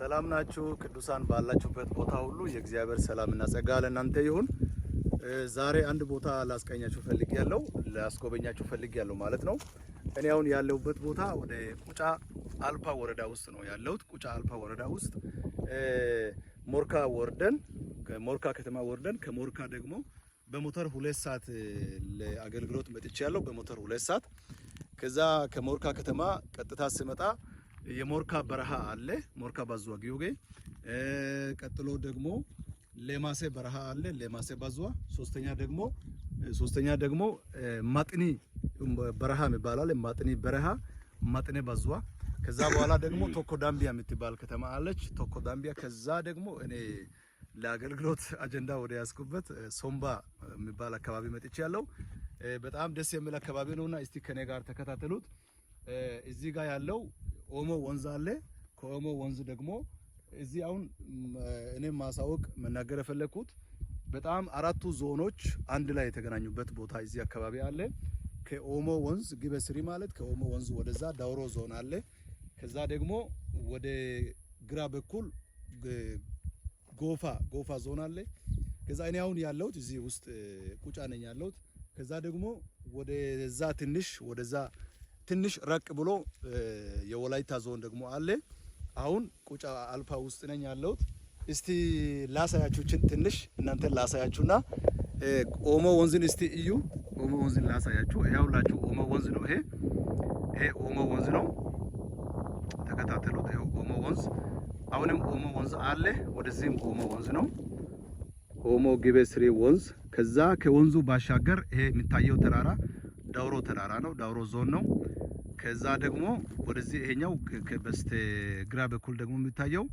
ሰላም ናችሁ ቅዱሳን፣ ባላችሁበት ቦታ ሁሉ የእግዚአብሔር ሰላምና ጸጋ ለእናንተ ይሁን። ዛሬ አንድ ቦታ ላስቀኛችሁ ፈልግ ያለው ላስጎበኛችሁ ፈልግ ያለው ማለት ነው። እኔ አሁን ያለሁበት ቦታ ወደ ቁጫ አልፓ ወረዳ ውስጥ ነው ያለሁት። ቁጫ አልፓ ወረዳ ውስጥ ሞርካ ወርደን ሞርካ ከተማ ወርደን ከሞርካ ደግሞ በሞተር ሁለት ሰዓት ለአገልግሎት መጥቼ ያለው በሞተር ሁለት ሰዓት ከዛ ከሞርካ ከተማ ቀጥታ ስመጣ የሞርካ በረሃ አለ። ሞርካ ባዙዋ ጊዮጌ። ቀጥሎ ደግሞ ሌማሴ በረሃ አለ። ሌማሴ ባዙዋ። ሶስተኛ ደግሞ ሶስተኛ ደግሞ ማጥኒ በረሃ የሚባል ማጥኒ በረሃ፣ ማጥኒ ባዙዋ። ከዛ በኋላ ደግሞ ቶኮ ዳምቢያ የምትባል ከተማ አለች። ቶኮ ዳምቢያ። ከዛ ደግሞ እኔ ለአገልግሎት አጀንዳ ወደ ያዝኩበት ሶምባ የሚባል አካባቢ መጥቼ ያለው በጣም ደስ የሚል አካባቢ ነውና እስቲ ከኔ ጋር ተከታተሉት። እዚህ ጋር ያለው ኦሞ ወንዝ አለ። ከኦሞ ወንዝ ደግሞ እዚህ አሁን እኔም ማሳወቅ መናገር የፈለግኩት በጣም አራቱ ዞኖች አንድ ላይ የተገናኙበት ቦታ እዚህ አካባቢ አለ። ከኦሞ ወንዝ ግበስሪ ማለት ከኦሞ ወንዝ ወደዛ ዳውሮ ዞን አለ። ከዛ ደግሞ ወደ ግራ በኩል ጎፋ ጎፋ ዞን አለ። ከዛ እኔ አሁን ያለሁት እዚህ ውስጥ ቁጫ ነኝ ያለሁት። ከዛ ደግሞ ወደዛ ትንሽ ወደዛ ትንሽ ረቅ ብሎ የወላይታ ዞን ደግሞ አለ። አሁን ቁጫ አልፋ ውስጥ ነኝ ያለሁት። እስቲ ላሳያችሁችን ትንሽ እናንተ ላሳያችሁና ኦሞ ወንዝን እስቲ እዩ። ኦሞ ወንዝን ላሳያችሁ። ያውላችሁ ኦሞ ወንዝ ነው ይሄ። ይሄ ኦሞ ወንዝ ነው። ተከታተሉት። ይሄ ኦሞ ወንዝ አሁንም ኦሞ ወንዝ አለ። ወደዚህም ኦሞ ወንዝ ነው። ኦሞ ግቤ ስሬ ወንዝ። ከዛ ከወንዙ ባሻገር ይሄ የሚታየው ተራራ ዳውሮ ተራራ ነው፣ ዳውሮ ዞን ነው። ከዛ ደግሞ ወደዚህ ይሄኛው በስተ ግራ በኩል ደግሞ የሚታየው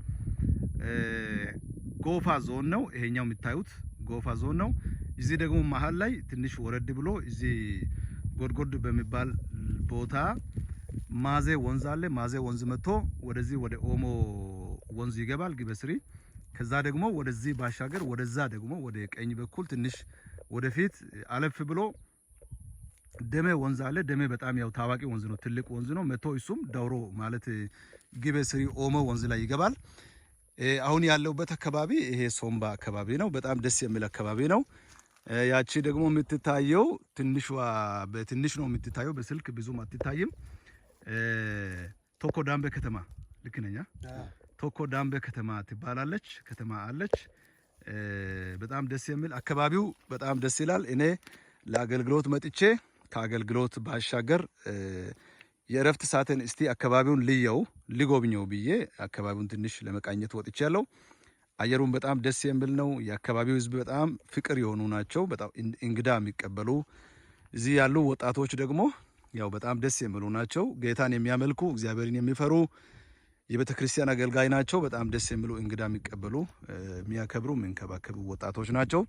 ጎፋ ዞን ነው። ይሄኛው የሚታዩት ጎፋ ዞን ነው። እዚህ ደግሞ መሀል ላይ ትንሽ ወረድ ብሎ እዚህ ጎድጎድ በሚባል ቦታ ማዜ ወንዝ አለ። ማዜ ወንዝ መጥቶ ወደዚህ ወደ ኦሞ ወንዝ ይገባል ግበስሪ። ከዛ ደግሞ ወደዚህ ባሻገር ወደዛ ደግሞ ወደ ቀኝ በኩል ትንሽ ወደፊት አለፍ ብሎ ደሜ ወንዝ አለ። ደሜ በጣም ያው ታዋቂ ወንዝ ነው፣ ትልቅ ወንዝ ነው። መቶ እሱም ዳውሮ ማለት ግቤ ስሪ ኦሞ ወንዝ ላይ ይገባል። አሁን ያለውበት አካባቢ ይሄ ሶምባ አካባቢ ነው። በጣም ደስ የሚል አካባቢ ነው። ያቺ ደግሞ የምትታየው ትንሿ በትንሽ ነው የምትታየው፣ በስልክ ብዙም አትታይም። ቶኮ ዳምቤ ከተማ ልክ ነኛ፣ ቶኮ ዳምቤ ከተማ ትባላለች። ከተማ አለች። በጣም ደስ የሚል አካባቢው በጣም ደስ ይላል። እኔ ለአገልግሎት መጥቼ ከአገልግሎት ባሻገር የእረፍት ሰዓትን እስቲ አካባቢውን ልየው ልጎብኘው ብዬ አካባቢውን ትንሽ ለመቃኘት ወጥቻለሁ። አየሩን በጣም ደስ የሚል ነው። የአካባቢው ህዝብ በጣም ፍቅር የሆኑ ናቸው። በጣም እንግዳ የሚቀበሉ እዚህ ያሉ ወጣቶች ደግሞ ያው በጣም ደስ የሚሉ ናቸው። ጌታን የሚያመልኩ እግዚአብሔርን የሚፈሩ የቤተ ክርስቲያን አገልጋይ ናቸው። በጣም ደስ የሚሉ እንግዳ የሚቀበሉ የሚያከብሩ የሚንከባከቡ ወጣቶች ናቸው።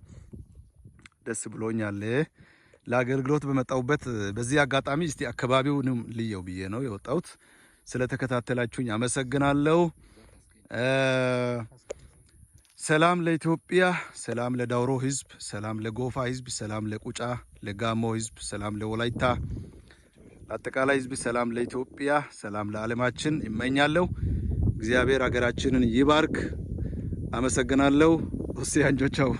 ደስ ብሎኛል። ለአገልግሎት በመጣሁበት በዚህ አጋጣሚ እስቲ አካባቢውንም ልየው ብዬ ነው የወጣሁት። ስለተከታተላችሁኝ አመሰግናለሁ። ሰላም ለኢትዮጵያ፣ ሰላም ለዳውሮ ህዝብ፣ ሰላም ለጎፋ ህዝብ፣ ሰላም ለቁጫ፣ ለጋሞ ህዝብ፣ ሰላም ለወላይታ፣ ለአጠቃላይ ህዝብ፣ ሰላም ለኢትዮጵያ፣ ሰላም ለዓለማችን ይመኛለሁ። እግዚአብሔር አገራችንን ይባርክ። አመሰግናለሁ። ኦሲ አንጆቻው